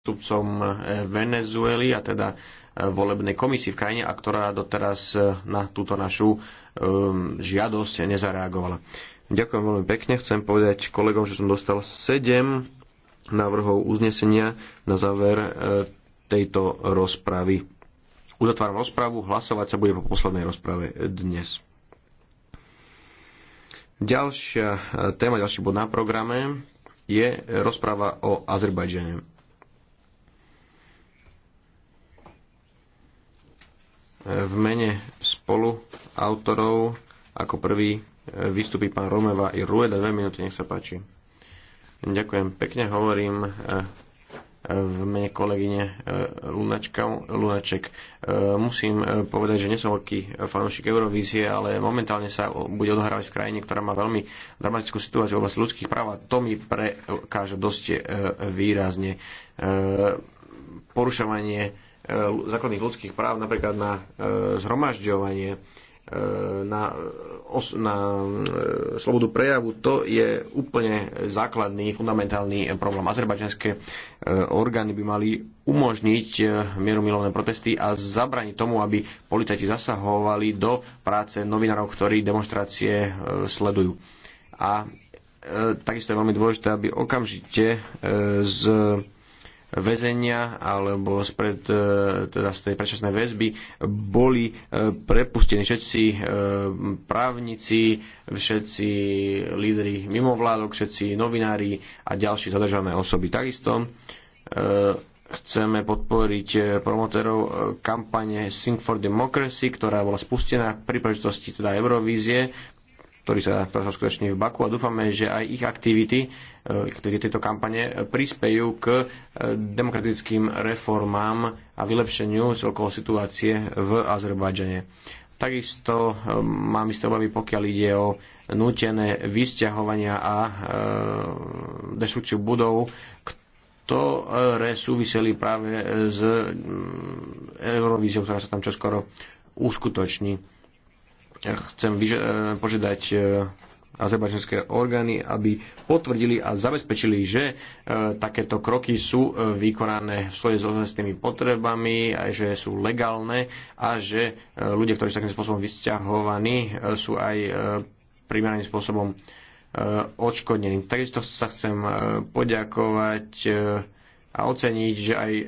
zástupcom e, Venezuely a teda e, volebnej komisii v krajine a ktorá doteraz e, na túto našu žiadosť nezareagovala. Ďakujem veľmi pekne. Chcem povedať kolegom, že som dostal 7 návrhov uznesenia na záver tejto rozpravy. Uzatváram rozpravu, hlasovať sa bude po poslednej rozprave dnes. Ďalšia téma, ďalší bod na programe je rozpráva o Azerbajdžane. v mene spolu autorov ako prvý e, vystupí pán Romeva i Rueda. Dve minúty, nech sa páči. Ďakujem pekne, hovorím e, e, v mene kolegyne Lunačka, Lunaček. Musím povedať, že nie som veľký fanúšik Eurovízie, ale momentálne sa bude odohrávať v krajine, ktorá má veľmi dramatickú situáciu v oblasti ľudských práv a to mi prekáže dosť výrazne. Porušovanie Eh, základných ľudských práv, napríklad na eh, zhromažďovanie, eh, na, os, na slobodu prejavu, to je úplne základný, fundamentálny problém. Azerbajdžanské orgány by mali umožniť mierumilovné protesty a zabraniť tomu, aby policajti zasahovali do práce novinárov, ktorí demonstrácie sledujú. A takisto je veľmi dôležité, aby okamžite z väzenia alebo spred, e, teda z tej predčasnej väzby boli e, prepustení všetci e, právnici, všetci lídry mimovládok, všetci novinári a ďalší zadržané osoby. Takisto chceme podporiť promotérov kampane Sing for Democracy, ktorá bola spustená pri príležitosti teda Eurovízie, ktorý sa skutočne v Baku a dúfame, že aj ich aktivity E, tieto kampane e, prispejú k e, demokratickým reformám a vylepšeniu celkovo situácie v Azerbajdžane. Takisto mám isté obavy, pokiaľ ide o nútené vysťahovania a deštrukciu budov, ktoré súviseli práve s Eurovíziou, ktorá sa tam čoskoro uskutoční. Chcem požiadať azerbajdžanské orgány, aby potvrdili a zabezpečili, že e, takéto kroky sú e, vykonané v svoje s ozajstnými potrebami, a že sú legálne a že e, ľudia, ktorí sú takým spôsobom vysťahovaní, e, sú aj e, primeraným spôsobom e, odškodnení. Takisto sa chcem e, poďakovať e, a oceniť, že aj e,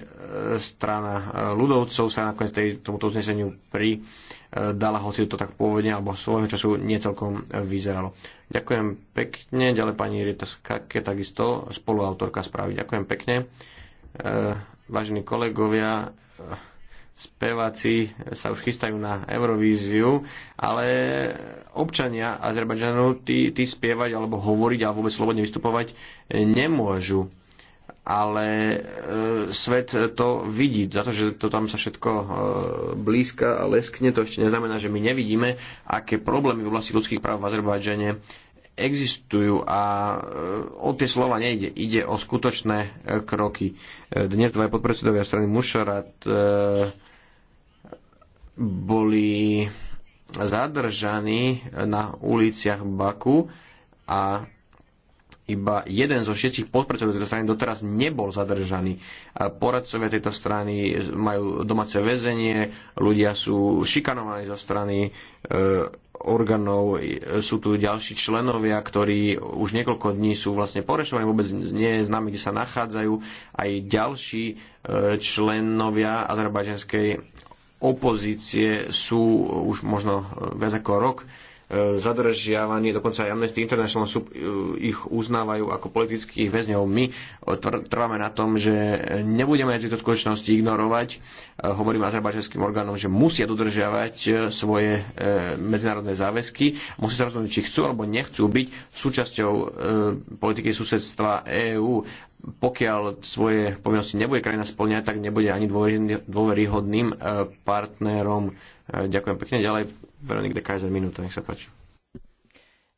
strana e, ľudovcov sa nakoniec tej, tomuto uzneseniu e, dala, hoci to tak pôvodne alebo svojho času niecelkom vyzeralo. Ďakujem pekne, ďalej pani Rita Skake, takisto spoluautorka správy. Ďakujem pekne. Vážení kolegovia, speváci sa už chystajú na Eurovíziu, ale občania Azerbajdžanu tí, tí spievať alebo hovoriť alebo vôbec slobodne vystupovať nemôžu ale e, svet to vidí. Za to, že to tam sa všetko e, blízka a leskne, to ešte neznamená, že my nevidíme, aké problémy v oblasti ľudských práv v Azerbajdžane existujú a e, o tie slova nejde. Ide o skutočné e, kroky. E, dnes dva podpredsedovia strany Mušarat boli zadržaní na uliciach Baku a iba jeden zo šiestich podpredsedov tejto strany doteraz nebol zadržaný. Poradcovia tejto strany majú domáce väzenie, ľudia sú šikanovaní zo strany e, orgánov, e, sú tu ďalší členovia, ktorí už niekoľko dní sú vlastne porešovaní, vôbec nie je známe, kde sa nachádzajú, aj ďalší e, členovia azerbajdžanskej opozície sú už možno e, viac ako rok zadržiavaní, dokonca aj Amnesty International sú, e, ich uznávajú ako politických väzňov. My e, trváme na tom, že nebudeme tieto skutočnosti ignorovať. E, hovorím azerbajdžanským orgánom, že musia dodržiavať svoje medzinárodné záväzky. musia sa rozhodnúť, či chcú alebo nechcú byť súčasťou politiky susedstva EÚ pokiaľ svoje povinnosti nebude krajina splňať, tak nebude ani dôveryhodným e, partnerom. E, ďakujem pekne. Ďalej Veronik de Kaiser, minúta, nech sa páči.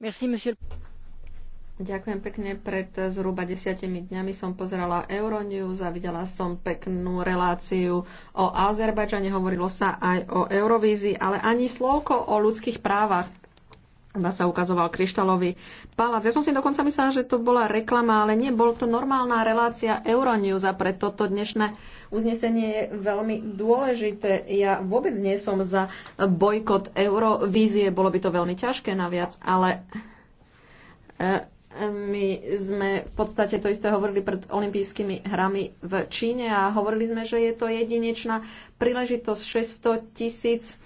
Merci, monsieur. Ďakujem pekne. Pred zhruba desiatimi dňami som pozerala Euronews a videla som peknú reláciu o Azerbajdžane. Hovorilo sa aj o Eurovízii, ale ani slovko o ľudských právach iba sa ukazoval kryštálový palác. Ja som si dokonca myslela, že to bola reklama, ale nie, bol to normálna relácia Euronews a preto to dnešné uznesenie je veľmi dôležité. Ja vôbec nie som za bojkot Eurovízie, bolo by to veľmi ťažké naviac, ale e, my sme v podstate to isté hovorili pred olympijskými hrami v Číne a hovorili sme, že je to jedinečná príležitosť 600 tisíc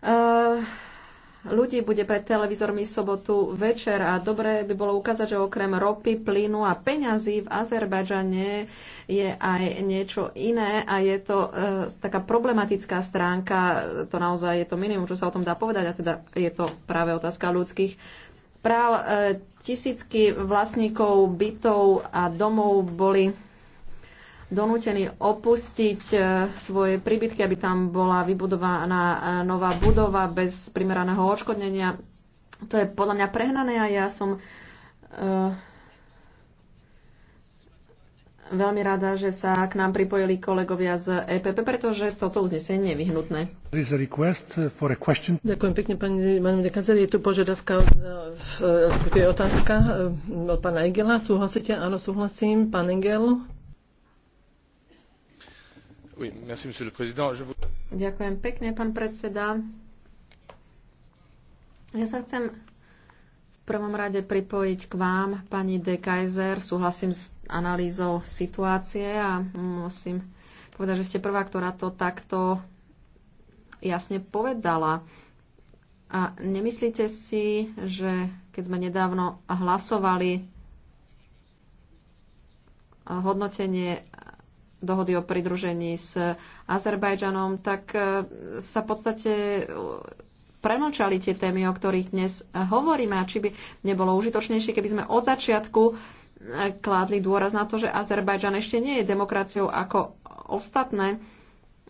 000 e, uh, ľudí bude pred televízormi sobotu večer a dobre by bolo ukázať, že okrem ropy, plynu a peňazí v Azerbajdžane je aj niečo iné a je to e, taká problematická stránka, to naozaj je to minimum, čo sa o tom dá povedať a teda je to práve otázka ľudských práv. E, tisícky vlastníkov bytov a domov boli donútení opustiť svoje príbytky, aby tam bola vybudovaná nová budova bez primeraného odškodnenia. To je podľa mňa prehnané a ja som veľmi rada, že sa k nám pripojili kolegovia z EPP, pretože toto uznesenie je nevyhnutné. Ďakujem pekne, pani Manuel Kazer. Je tu požiadavka, otázka od pána Engela. Súhlasíte? Áno, súhlasím. Pán Engel. Ďakujem pekne, pán predseda. Ja sa chcem v prvom rade pripojiť k vám, pani De Kaiser. Súhlasím s analýzou situácie a musím povedať, že ste prvá, ktorá to takto jasne povedala. A nemyslíte si, že keď sme nedávno hlasovali hodnotenie dohody o pridružení s Azerbajdžanom, tak e, sa v podstate e, premlčali tie témy, o ktorých dnes e, hovoríme. A či by nebolo užitočnejšie, keby sme od začiatku kládli dôraz na to, že Azerbajdžan ešte nie je demokraciou ako ostatné.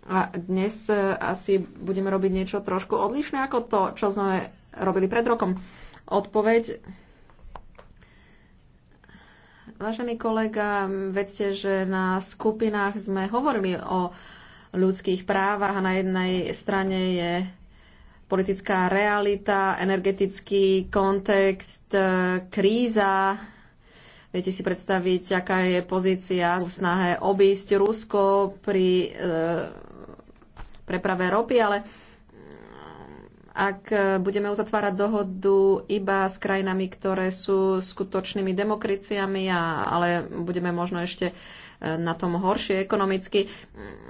A dnes asi budeme robiť niečo trošku odlišné ako to, čo sme robili pred rokom. Odpoveď Vážený kolega, vedzte, že na skupinách sme hovorili o ľudských právach. Na jednej strane je politická realita, energetický kontext, e, kríza. Viete si predstaviť, aká je pozícia v snahe obísť Rusko pri e, preprave ropy, ale ak e, budeme uzatvárať dohodu iba s krajinami, ktoré sú skutočnými demokraciami, a, ale budeme možno ešte e, na tom horšie ekonomicky.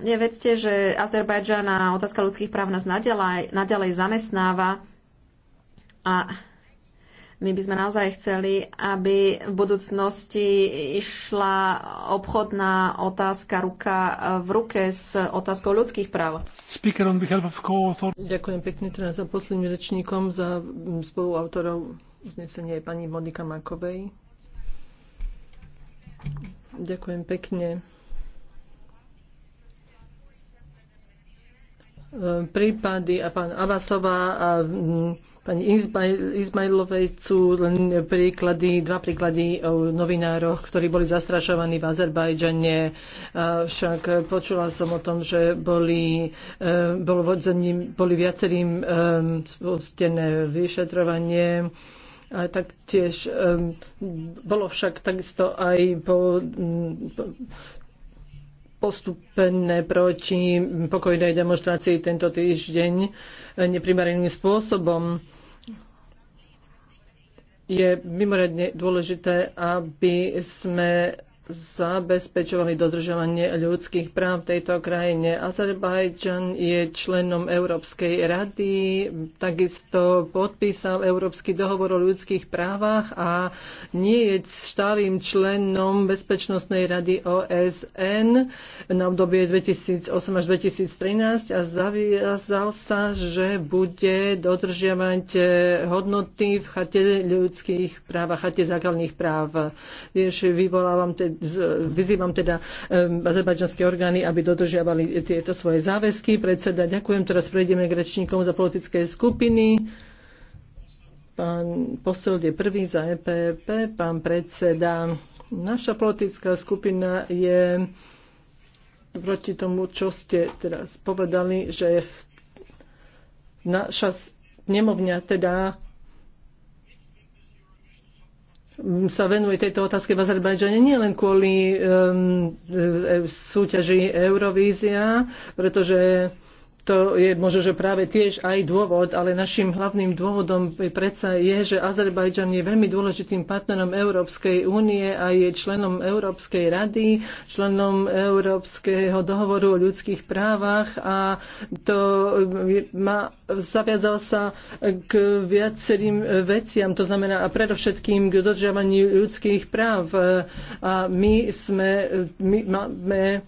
Nevedzte, že Azerbajdžan a otázka ľudských práv nás nadalej zamestnáva a my by sme naozaj chceli, aby v budúcnosti išla obchodná otázka ruka v ruke s otázkou ľudských práv. Ďakujem pekne teraz za posledným rečníkom, za spoluautorov uznesenia je pani Monika Makovej. Ďakujem pekne. Ehm, prípady a pán Avasová a mm, pani Izmailovej sú len príklady, dva príklady o novinároch, ktorí boli zastrašovaní v Azerbajdžane. Však počula som o tom, že boli, ehm, bolo vodzením, boli viacerým ehm, spustené vyšetrovanie. A taktiež um, bolo však takisto aj po, mm, po postupné proti pokojnej demonstrácii tento týždeň neprimareným spôsobom. Je mimoriadne dôležité, aby sme zabezpečovali dodržovanie ľudských práv v tejto krajine. Azerbajdžan je členom Európskej rady, takisto podpísal Európsky dohovor o ľudských právach a nie je stálym členom Bezpečnostnej rady OSN na obdobie 2008 až 2013 a zaviazal sa, že bude dodržiavať eh, hodnoty v chate ľudských práv a chate základných práv. Tiež vyvolávam teda vyzývam teda azerbajdžanské orgány, aby dodržiavali tieto svoje záväzky. Predseda, ďakujem. Teraz prejdeme k rečníkom za politické skupiny. Pán posel je prvý za EPP, pán predseda. Naša politická skupina je proti tomu, čo ste teraz povedali, že naša snemovňa teda sa venuje tejto otázke v Azerbajdžane nie len kvôli um, súťaži Eurovízia, pretože to je možno, že práve tiež aj dôvod, ale našim hlavným dôvodom predsa je, že Azerbajdžan je veľmi dôležitým partnerom Európskej únie a je členom Európskej rady, členom Európskeho dohovoru o ľudských právach a to má, zaviazal sa k viacerým veciam, to znamená a predovšetkým k dodržiavaniu ľudských práv. A my sme, my máme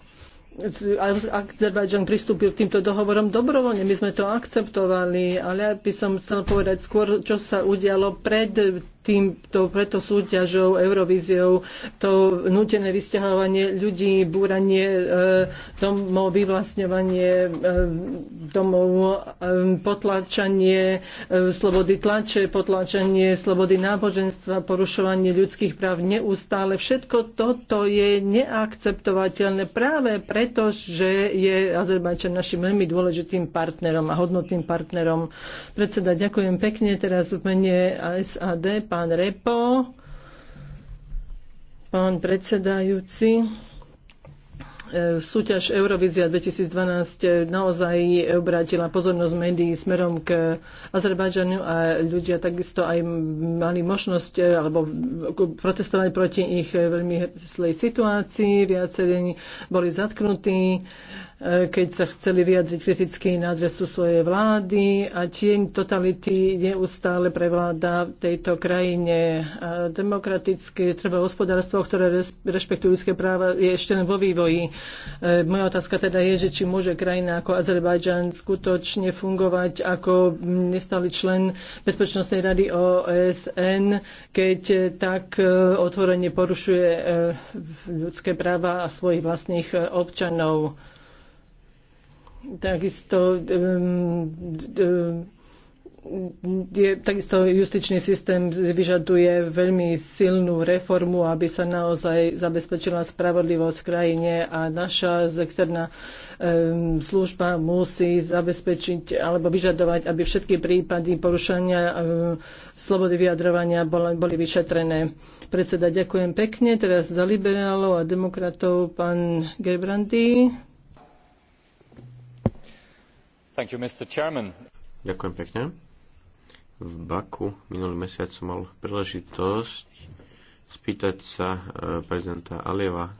Azerbajdžan pristúpil k týmto dohovorom dobrovoľne. My sme to akceptovali, ale ja by som chcel povedať skôr, čo sa udialo pred týmto preto súťažou, Eurovíziou, to nutené vysťahovanie ľudí, búranie e, domov, vyvlastňovanie e, domov, e, potláčanie e, slobody tlače, potláčanie slobody náboženstva, porušovanie ľudských práv neustále. Všetko toto je neakceptovateľné práve preto, že je Azerbajčan našim veľmi dôležitým partnerom a hodnotným partnerom. Predseda, ďakujem pekne. Teraz v mene SAD pán Repo, pán predsedajúci. E, súťaž Eurovízia 2012 naozaj obrátila pozornosť médií smerom k Azerbajdžanu a ľudia takisto aj mali možnosť e, alebo protestovali proti ich veľmi zlej situácii. Viacerí boli zatknutí keď sa chceli vyjadriť kriticky na adresu svojej vlády a tieň totality neustále prevláda v tejto krajine. Demokratické treba hospodárstvo, ktoré rešpektujú ľudské práva, je ešte len vo vývoji. E, moja otázka teda je, že či môže krajina ako Azerbajdžan skutočne fungovať ako nestály člen Bezpečnostnej rady OSN, keď tak e, otvorene porušuje e, ľudské práva a svojich vlastných občanov. Takisto je, takisto justičný systém vyžaduje veľmi silnú reformu, aby sa naozaj zabezpečila spravodlivosť v krajine a naša externá um, služba musí zabezpečiť alebo vyžadovať, aby všetky prípady porušania um, slobody vyjadrovania boli, boli vyšetrené. Predseda, ďakujem pekne. Teraz za liberálov a demokratov pán Gerbrandy. You, Ďakujem pekne. V Baku minulý mesiac som mal príležitosť spýtať sa e, prezidenta Alieva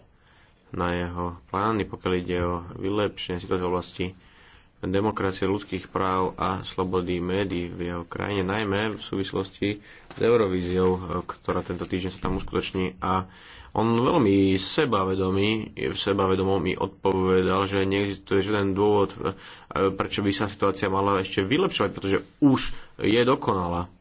na jeho plány, pokiaľ ide o vylepšenie situácie v oblasti demokracie ľudských práv a slobody médií v jeho krajine, najmä v súvislosti s Eurovíziou, e, ktorá tento týždeň sa tam uskutoční a on veľmi sebavedomý, v sebavedomom mi odpovedal, že neexistuje žiaden dôvod, e, prečo by sa situácia mala ešte vylepšovať, pretože už je dokonalá.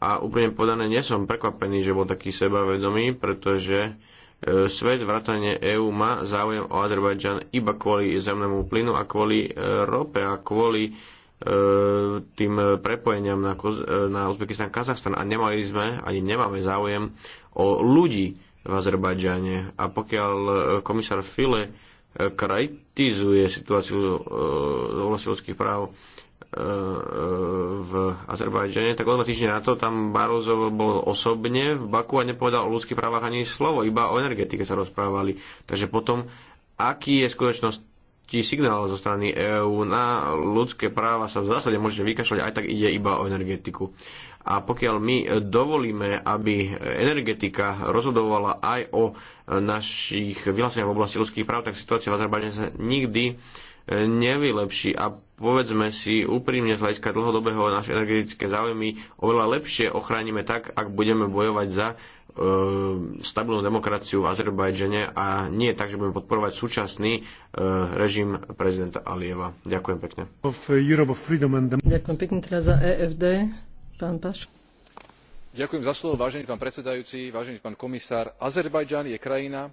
A úplne povedané, nie som prekvapený, že bol taký sebavedomý, pretože E, svet, vrátane EÚ, má záujem o Azerbajdžan iba kvôli zemnému plynu a kvôli e, rope a kvôli e, tým prepojeniam na, na Uzbekistan Kazachstan a nemali sme, ani nemáme záujem o ľudí v Azerbajdžane. A pokiaľ komisár File kritizuje situáciu e, ľudských práv E, e, v Azerbajdžane, tak o dva týždne na to tam Barozov bol osobne v Baku a nepovedal o ľudských právach ani slovo, iba o energetike sa rozprávali. Takže potom, aký je skutočnosti signál zo strany EÚ na ľudské práva sa v zásade môžete vykašľať, aj tak ide iba o energetiku. A pokiaľ my dovolíme, aby energetika rozhodovala aj o našich vyhláseniach v oblasti ľudských práv, tak situácia v Azerbajdžane sa nikdy uh, nevylepší a povedzme si úprimne z hľadiska dlhodobého naše energetické záujmy oveľa lepšie ochránime tak, ak budeme bojovať za e, stabilnú demokraciu v Azerbajdžane a nie tak, že budeme podporovať súčasný e, režim prezidenta Alieva. Ďakujem pekne. Ďakujem pekne teraz za EFD. Pán Paš. Ďakujem za slovo, vážený pán predsedajúci, vážený pán komisár. Azerbajdžan je krajina,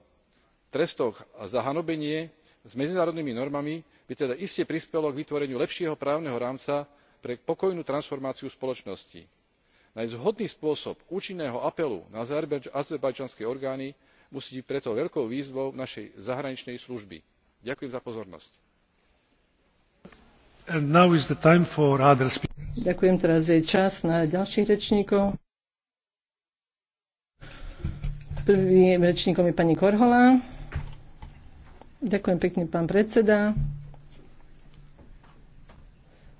trestoch za hanobenie s medzinárodnými normami by teda iste prispelo k vytvoreniu lepšieho právneho rámca pre pokojnú transformáciu spoločnosti. nájsť vhodný spôsob účinného apelu na azerbajdžanské orgány musí byť preto veľkou výzvou našej zahraničnej služby. ďakujem za pozornosť. rečníkom je pani Korhola. Ďakujem pekne, pán predseda.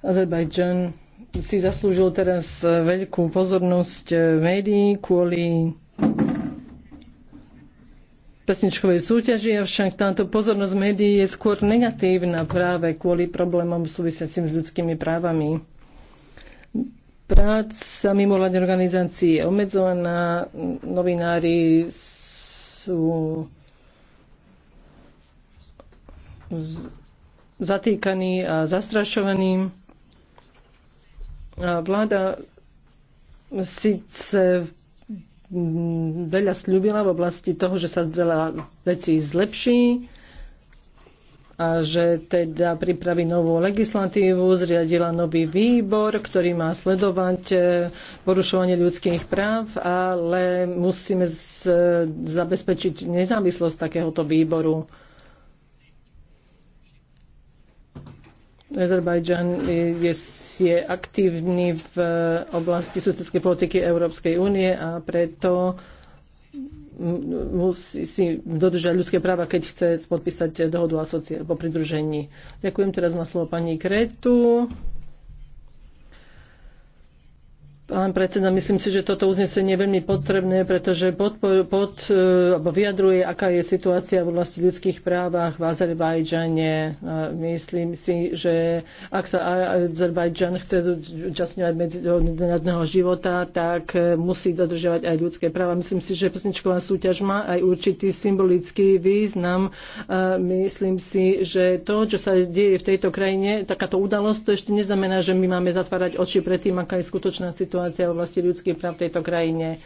Azerbajdžan si zaslúžil teraz veľkú pozornosť médií kvôli pesničkovej súťaži, avšak táto pozornosť médií je skôr negatívna práve kvôli problémom súvisiacim s ľudskými právami. Práca mimovládnej organizácií je obmedzovaná, novinári sú zatýkaní a zastrašovaní. A vláda síce veľa slúbila v oblasti toho, že sa veľa vecí zlepší a že teda pripraví novú legislatívu, zriadila nový výbor, ktorý má sledovať e, porušovanie ľudských práv, ale musíme zabezpečiť nezávislosť takéhoto výboru. Azerbajdžan je, je aktívny v oblasti susedskej politiky Európskej únie a preto musí si dodržať ľudské práva, keď chce podpísať dohodu o pridružení. Ďakujem teraz na slovo pani Kretu. Pán predseda, myslím si, že toto uznesenie je veľmi potrebné, pretože pod, pod, e, alebo vyjadruje, aká je situácia v oblasti ľudských právach v Azerbajdžane. Myslím si, že ak sa Azerbajdžan chce zúčastňovať medzinárodného života, tak e, musí dodržiavať aj ľudské práva. Myslím si, že pesničková súťaž má aj určitý symbolický význam. Myslím si, že to, čo sa deje v tejto krajine, takáto udalosť, to ešte neznamená, že my máme zatvárať oči pred tým, aká je skutočná situácia situácia v oblasti ľudských práv v tejto krajine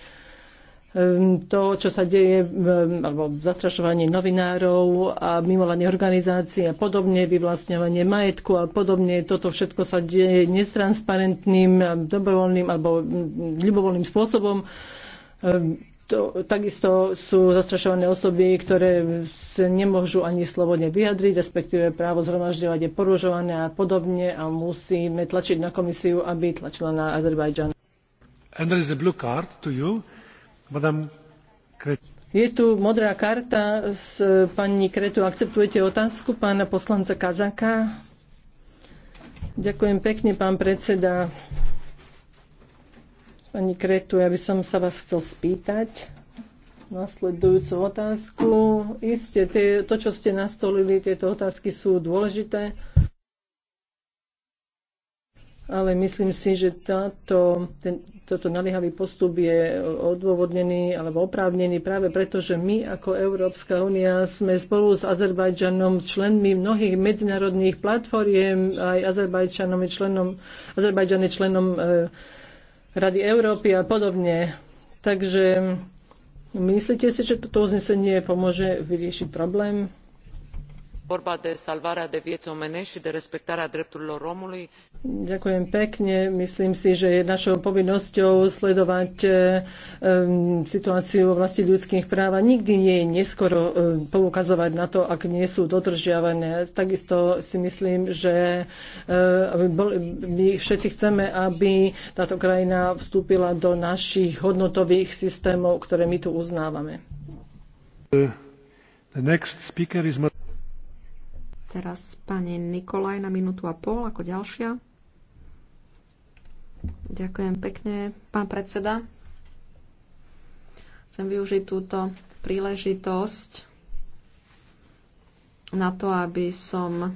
ehm, to, čo sa deje, ehm, alebo zastrašovanie novinárov a mimovládnych organizácií a podobne, vyvlastňovanie majetku a podobne, toto všetko sa deje nestransparentným, ehm, dobrovoľným alebo ľubovoľným spôsobom. To, takisto sú zastrašované osoby, ktoré sa nemôžu ani slobodne vyjadriť, respektíve právo zhromažďovať je poružované a podobne a musíme tlačiť na komisiu, aby tlačila na Azerbajdžan. Je tu modrá karta s e, pani Kretu. Akceptujete otázku pána poslanca Kazaka? Ďakujem pekne, pán predseda. Pani Kretu, ja by som sa vás chcel spýtať nasledujúcu otázku. Isté, to, čo ste nastolili, tieto otázky sú dôležité ale myslím si, že táto, ten, toto naliehavý postup je odôvodnený alebo oprávnený práve preto, že my ako Európska únia sme spolu s Azerbajdžanom členmi mnohých medzinárodných platformiem, aj Azerbajdžanom je členom, Azerbajdžan je členom e, Rady Európy a podobne. Takže myslíte si, že toto uznesenie pomôže vyriešiť problém? vorba de salvarea de vieți omenești și de respectarea drepturilor omului. Ďakujem pekne. Myslím si, že je našou povinnosťou sledovať um, situáciu v oblasti ľudských práv a nikdy nie je neskoro um, poukazovať na to, ak nie sú dodržiavané. Takisto si myslím, že eh, bol, my všetci chceme, aby táto krajina vstúpila do našich hodnotových systémov, ktoré my tu uznávame. The next speaker is Teraz pani Nikolaj na minútu a pol ako ďalšia. Ďakujem pekne, pán predseda. Chcem využiť túto príležitosť na to, aby som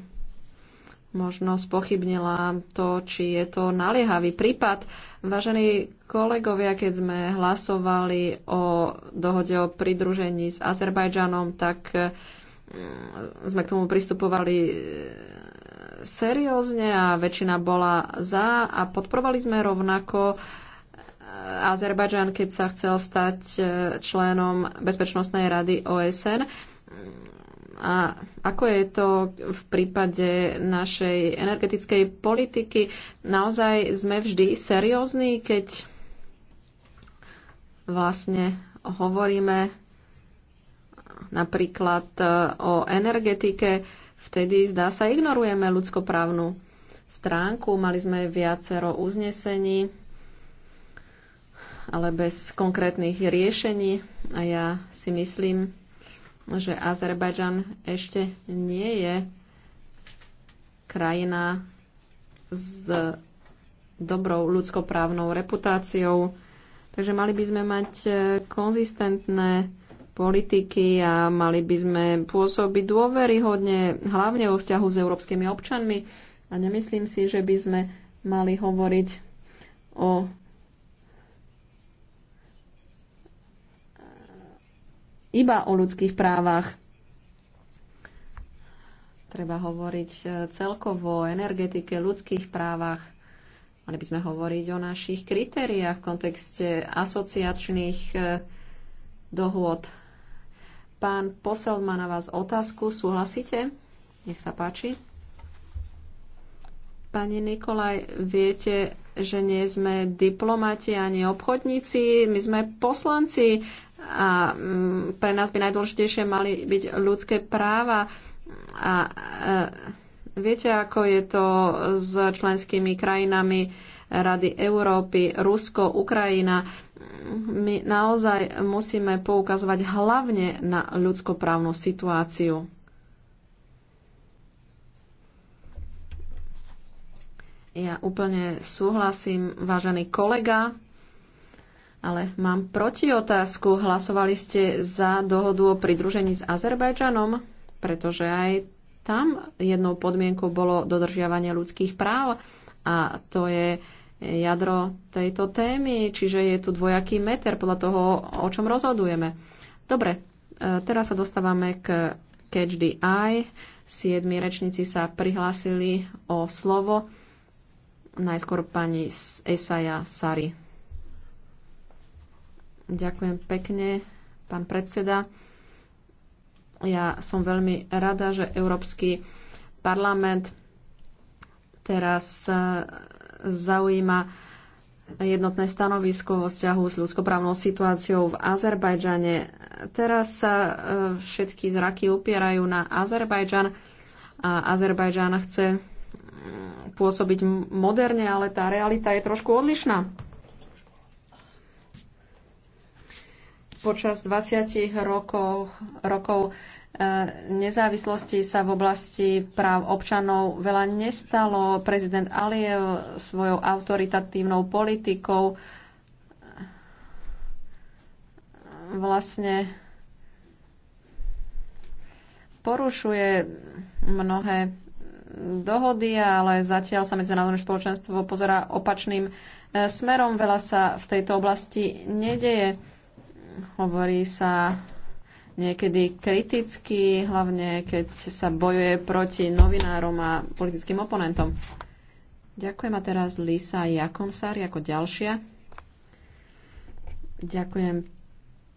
možno spochybnila to, či je to naliehavý prípad. Vážení kolegovia, keď sme hlasovali o dohode o pridružení s Azerbajdžanom, tak E, sme k tomu pristupovali e, seriózne a väčšina bola za a podporovali sme rovnako e, Azerbajdžan, keď sa chcel stať členom Bezpečnostnej rady OSN. A ako je to v prípade našej energetickej politiky? Naozaj sme vždy seriózni, keď vlastne hovoríme napríklad e, o energetike, vtedy zdá sa ignorujeme ľudskoprávnu stránku. Mali sme viacero uznesení, ale bez konkrétnych riešení. A ja si myslím, že Azerbajdžan ešte nie je krajina s dobrou ľudskoprávnou reputáciou. Takže mali by sme mať e, konzistentné politiky a mali by sme pôsobiť dôveryhodne, hlavne vo vzťahu s európskymi občanmi. A nemyslím si, že by sme mali hovoriť o iba o ľudských právach. Treba hovoriť e, celkovo o energetike, ľudských právach. Mali by sme hovoriť o našich kritériách v kontekste asociačných e, dohôd Pán posel má na vás otázku. Súhlasíte? Nech sa páči. Pani Nikolaj, viete, že nie sme diplomati ani obchodníci, my sme poslanci a mm, pre nás by najdôležitejšie mali byť ľudské práva. A, e, viete, ako je to s členskými krajinami Rady Európy, Rusko, Ukrajina my naozaj musíme poukazovať hlavne na ľudskoprávnu situáciu. Ja úplne súhlasím, vážený kolega, ale mám proti otázku. Hlasovali ste za dohodu o pridružení s Azerbajdžanom, pretože aj tam jednou podmienkou bolo dodržiavanie ľudských práv a to je uh, jadro tejto témy, čiže je tu dvojaký meter podľa toho, o čom rozhodujeme. Dobre, e, teraz sa dostávame k Catch the Eye. Siedmi rečníci sa prihlásili o slovo. Najskôr pani Esaja Sari. Ďakujem pekne, pán predseda. Ja som veľmi rada, že Európsky parlament teraz e, zaujíma jednotné stanovisko vo vzťahu s ľudskoprávnou situáciou v Azerbajdžane. Teraz sa e, všetky zraky upierajú na Azerbajdžan a Azerbajdžan chce pôsobiť moderne, ale tá realita je trošku odlišná. Počas 20 rokov, rokov nezávislosti sa v oblasti práv občanov veľa nestalo. Prezident Aliev svojou autoritatívnou politikou vlastne porušuje mnohé dohody, ale zatiaľ sa medzinárodné spoločenstvo pozera opačným e, smerom. Veľa sa v tejto oblasti nedeje. Hovorí sa niekedy kritický, hlavne keď sa bojuje proti novinárom a politickým oponentom. Ďakujem a teraz Lisa Jakonsár ako ďalšia. Ďakujem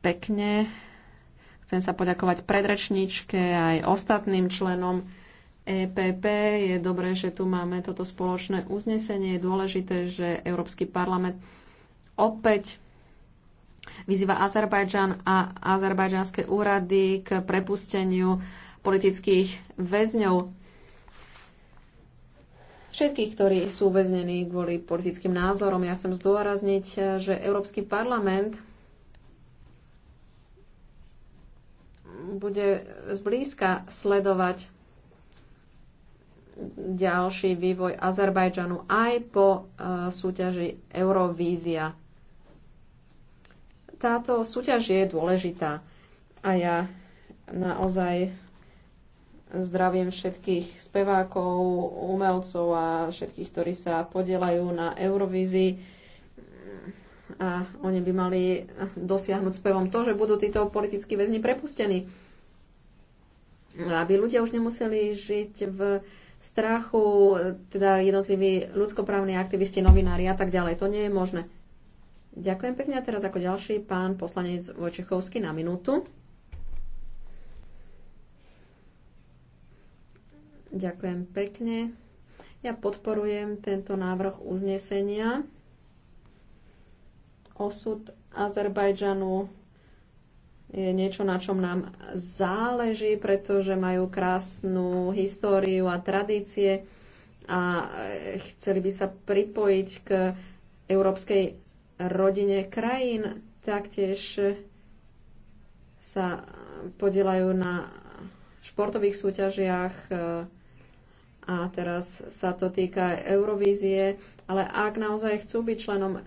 pekne. Chcem sa poďakovať predrečníčke aj ostatným členom EPP. Je dobré, že tu máme toto spoločné uznesenie. Je dôležité, že Európsky parlament opäť vyzýva Azerbajdžan a azerbajdžanské úrady k prepusteniu politických väzňov. Všetkých, ktorí sú väznení kvôli politickým názorom. Ja chcem zdôrazniť, že Európsky parlament bude zblízka sledovať ďalší vývoj Azerbajdžanu aj po eh, súťaži Eurovízia táto súťaž je dôležitá. A ja naozaj zdravím všetkých spevákov, umelcov a všetkých, ktorí sa podielajú na Eurovízii. A oni by mali dosiahnuť spevom to, že budú títo politickí väzni prepustení. Aby ľudia už nemuseli žiť v strachu, teda jednotliví ľudskoprávni aktivisti, novinári a tak ďalej. To nie je možné. Ďakujem pekne. A teraz ako ďalší pán poslanec Vojčechovský na minútu. Ďakujem pekne. Ja podporujem tento návrh uznesenia. Osud Azerbajdžanu je niečo, na čom nám záleží, pretože majú krásnu históriu a tradície a chceli by sa pripojiť k Európskej rodine krajín. Taktiež sa podielajú na športových súťažiach e, a teraz sa to týka Eurovízie, ale ak naozaj chcú byť členom e,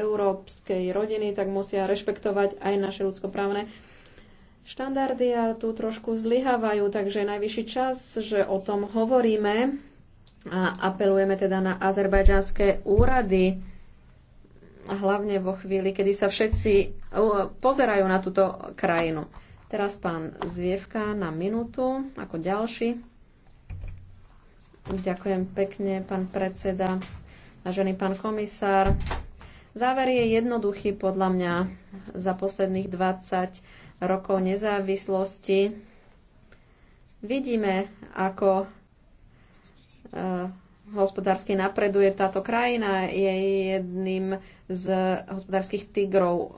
európskej rodiny, tak musia rešpektovať aj naše ľudskoprávne štandardy a tu trošku zlyhávajú, takže je najvyšší čas, že o tom hovoríme a apelujeme teda na azerbajdžanské úrady, hlavne vo chvíli, kedy sa všetci e, pozerajú na túto krajinu. Teraz pán Zvievka na minútu ako ďalší. Ďakujem pekne, pán predseda, vážený pán komisár. Záver je jednoduchý podľa mňa za posledných 20 rokov nezávislosti. Vidíme, ako e, hospodársky napreduje táto krajina, je jedným z hospodárskych tigrov e,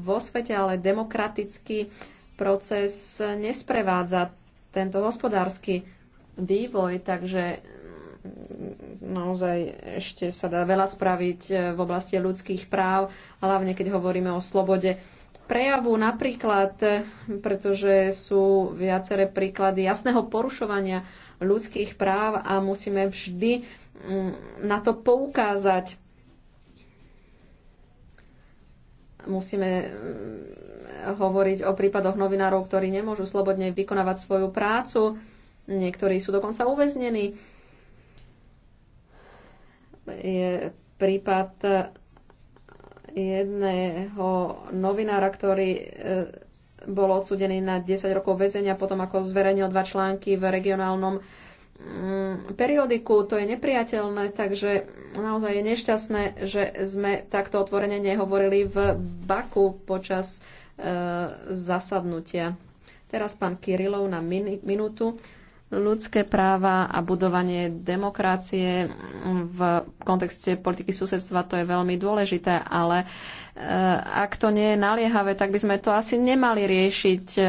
vo svete, ale demokratický proces nesprevádza tento hospodársky vývoj, takže mm, naozaj ešte sa dá veľa spraviť e, v oblasti ľudských práv, hlavne keď hovoríme o slobode prejavu napríklad, e, pretože sú viaceré príklady jasného porušovania ľudských práv a musíme vždy mm, na to poukázať. Musíme mm, hovoriť o prípadoch novinárov, ktorí nemôžu slobodne vykonávať svoju prácu. Niektorí sú dokonca uväznení. Je prípad e, jedného novinára, ktorý e, bol odsudený na 10 rokov väzenia, potom ako zverejnil dva články v regionálnom mm, periodiku, to je nepriateľné, takže naozaj je nešťastné, že sme takto otvorene nehovorili v Baku počas e, zasadnutia. Teraz pán Kirilov na min- minútu. Ľudské práva a budovanie demokracie mm, v kontexte politiky susedstva to je veľmi dôležité, ale e, Eh, ak to nie je naliehavé, tak by sme to asi nemali riešiť eh,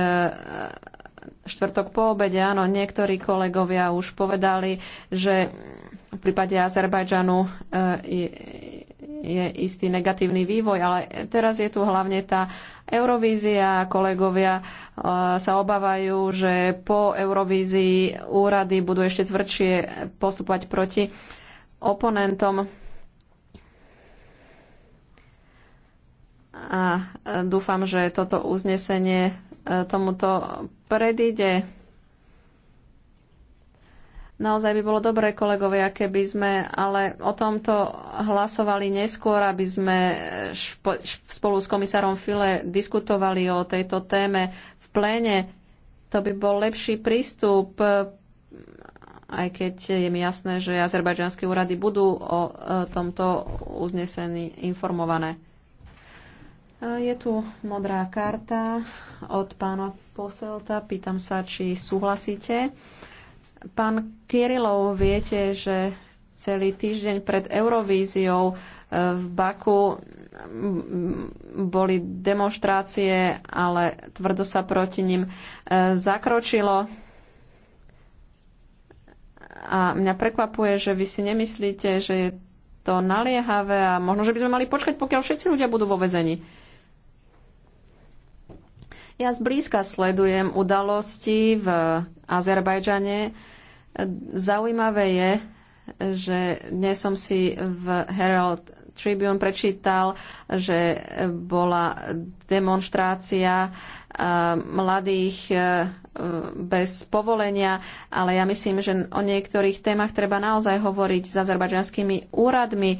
štvrtok po obede. Áno, niektorí kolegovia už povedali, že v prípade Azerbajdžanu eh, je, istý negatívny vývoj, ale teraz je tu hlavne tá Eurovízia. Kolegovia sa obávajú, že po Eurovízii úrady budú ešte tvrdšie postupovať proti oponentom a e, dúfam, že toto uznesenie e, tomuto predíde. Naozaj by bolo dobré, kolegovia, keby sme ale o tomto hlasovali neskôr, aby sme špo, spolu s komisárom File diskutovali o tejto téme v pléne. To by bol lepší prístup, e, aj keď je mi jasné, že azerbajdžanské úrady budú o tomto uznesení informované. Je tu modrá karta od pána Poselta. Pýtam sa, či súhlasíte. Pán Kirilov, viete, že celý týždeň pred Eurovíziou e, v Baku boli demonstrácie, ale tvrdo sa proti nim e, zakročilo. A mňa prekvapuje, že vy si nemyslíte, že je to naliehavé a možno, že by sme mali počkať, pokiaľ všetci ľudia budú vo vezení. Ja zblízka sledujem udalosti v Azerbajdžane. Zaujímavé je, že dnes som si v Herald Tribune prečítal, že bola demonstrácia e, mladých e, bez povolenia, ale ja myslím, že o niektorých témach treba naozaj hovoriť s azerbajdžanskými úradmi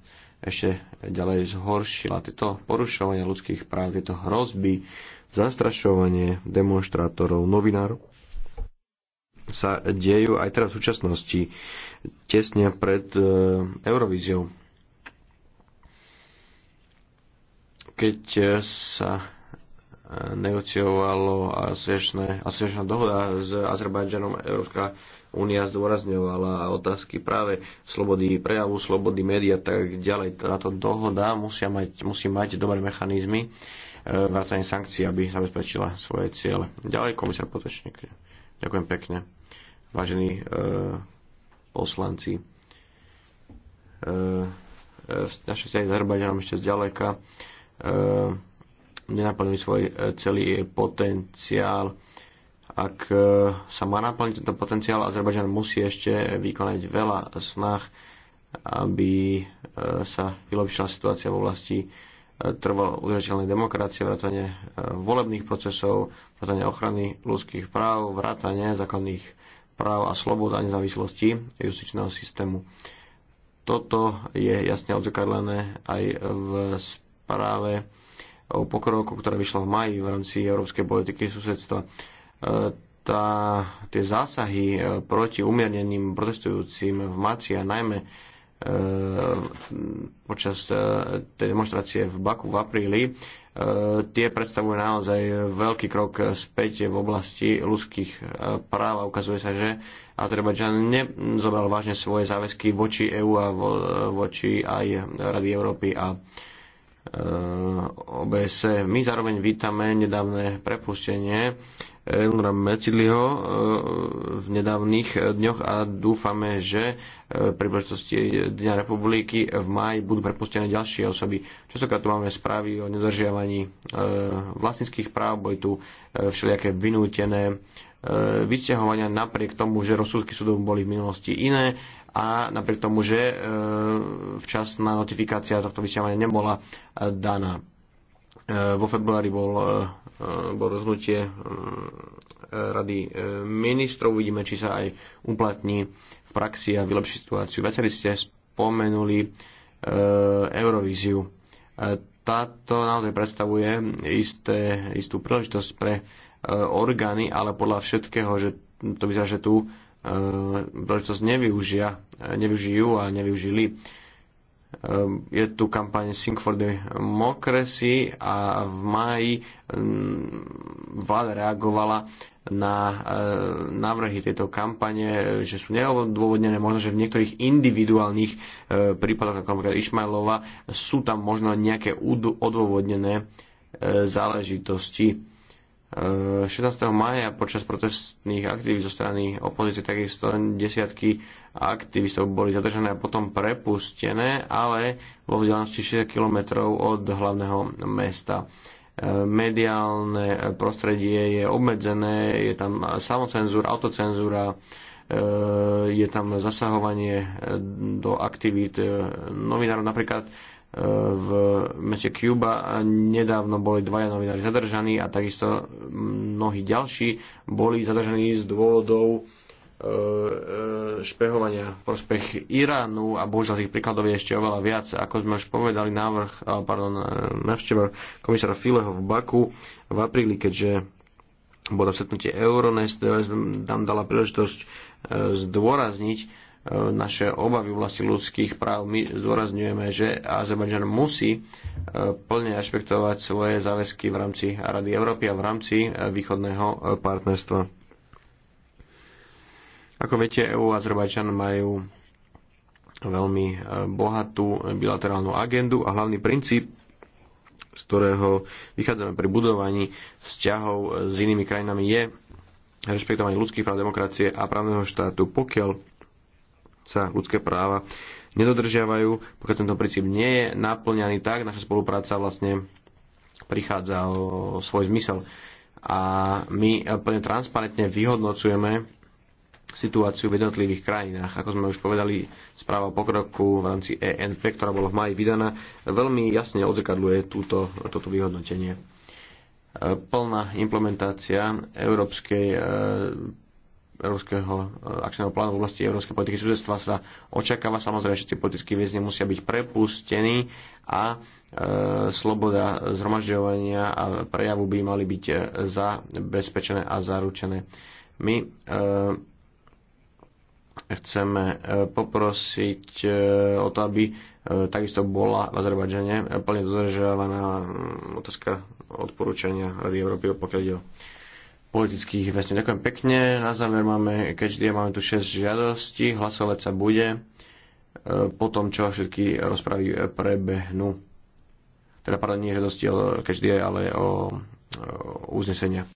ešte ďalej zhoršila. Tieto porušovania ľudských práv, tieto hrozby, zastrašovanie demonstrátorov, novinárov sa dejú aj teraz v súčasnosti, tesne pred e, Eurovíziou. Keď e, sa e, negociovalo asociačná dohoda s Azerbajdžanom, Európska únia zdôrazňovala otázky práve slobody prejavu, slobody média, tak ďalej. Táto dohoda musia mať, musí mať dobré mechanizmy e, vrátanie sankcií, aby zabezpečila svoje ciele. Ďalej komisár Potečník. Ďakujem pekne. Vážení e, poslanci, e, e naše vzťahy s Azerbajdžanom ešte zďaleka e, nenaplnili svoj e, celý potenciál. Ak e, sa má naplniť tento potenciál, Azerbajdžan musí ešte vykonať veľa snah, aby e, sa vylepšila situácia v oblasti e, trvalo udržateľnej demokracie, vrátanie volebných procesov, vrátanie ochrany ľudských práv, vrátane zákonných práv a slobod a nezávislosti justičného systému. Toto je jasne odzrkadlené aj v správe o pokroku, ktorá vyšla v maji v rámci európskej politiky susedstva tá, tie zásahy e, proti umierneným protestujúcim v Maci a najmä e, počas e, tej demonstrácie v Baku v apríli, tie predstavujú naozaj veľký krok späť v oblasti ľudských práv a ukazuje sa, že Azerbajďan nezobral vážne svoje záväzky voči EÚ a vo, voči aj Rady Európy a OBS. My zároveň vítame nedávne prepustenie Elmra Meciliho e, v nedávnych dňoch a dúfame, že pri e, príležitosti Dňa republiky v maji budú prepustené ďalšie osoby. Častokrát tu máme správy o nedržiavaní e, vlastnických práv, boli tu všelijaké vynútené vysťahovania napriek tomu, že rozsudky súdov boli v minulosti iné a napriek tomu, že včasná notifikácia tohto vysťahovania nebola daná. Vo februári bol alebo rozhodnutie mm, rady e, ministrov. Uvidíme, či sa aj uplatní v praxi a vylepší situáciu. Viacerí ste spomenuli e, Eurovíziu. E, táto naozaj predstavuje isté, istú príležitosť pre orgány, ale podľa všetkého, že to vyzerá, že tu príležitosť nevyužia, nevyužijú a nevyužili Ehm, je tu kampaň Sing for Democracy a v máji ehm, vláda reagovala na ehm, návrhy tejto kampane, eh, že sú neodôvodnené, možno, že v niektorých individuálnych eh, prípadoch, ako napríklad Išmajlova, sú tam možno nejaké odôvodnené eh, záležitosti 16. maja počas protestných aktivít zo strany opozície takisto desiatky aktivistov boli zadržané a potom prepustené, ale vo vzdialenosti 6 km od hlavného mesta. E, mediálne prostredie je obmedzené, je tam samocenzúra, autocenzúra, e, je tam zasahovanie do aktivít e, novinárov. Napríklad v meste Cuba nedávno boli dvaja novinári zadržaní a takisto mnohí ďalší boli zadržaní z dôvodov e, e, špehovania v prospech Iránu a bohužiaľ tých príkladov je ešte oveľa viac. Ako sme už povedali, návrh, pardon, e, návšteva komisára Fileho v Baku v apríli, keďže bolo stretnutie Euronest, tam dala príležitosť zdôrazniť naše obavy v oblasti ľudských práv. My zdôrazňujeme, že Azerbajdžan musí e, plne rešpektovať svoje záväzky v rámci Rady Európy a v rámci e, východného e, partnerstva. Ako viete, EU a Azerbajdžan majú veľmi bohatú bilaterálnu agendu a hlavný princíp, z ktorého vychádzame pri budovaní vzťahov s inými krajinami, je rešpektovanie ľudských práv, demokracie a právneho štátu. Pokiaľ sa ľudské práva nedodržiavajú. Pokiaľ tento princíp nie je naplňaný tak, naša spolupráca vlastne prichádza o svoj zmysel. A my plne transparentne vyhodnocujeme situáciu v jednotlivých krajinách. Ako sme už povedali, správa o pokroku v rámci ENP, ktorá bola v maji vydaná, veľmi jasne odzrkadľuje túto, toto vyhodnotenie. E, plná implementácia európskej e, Európskeho e, akčného plánu v oblasti európskej politiky súdestva sa očakáva. Samozrejme, všetci politickí väzni musia byť prepustení a e, sloboda zhromažďovania a prejavu by mali byť e, zabezpečené a zaručené. My e, chceme e, poprosiť e, o to, aby e, takisto bola v Azerbajdžane plne dodržiavaná mm, otázka odporúčania Rady Európy, pokiaľ ide o politických väzňov. Ďakujem pekne. Na záver máme, keďže máme tu 6 žiadostí, hlasovať sa bude e, po tom, čo všetky rozpravy prebehnú. Teda pardon, nie žiadosti o každý, ale o uznesenia.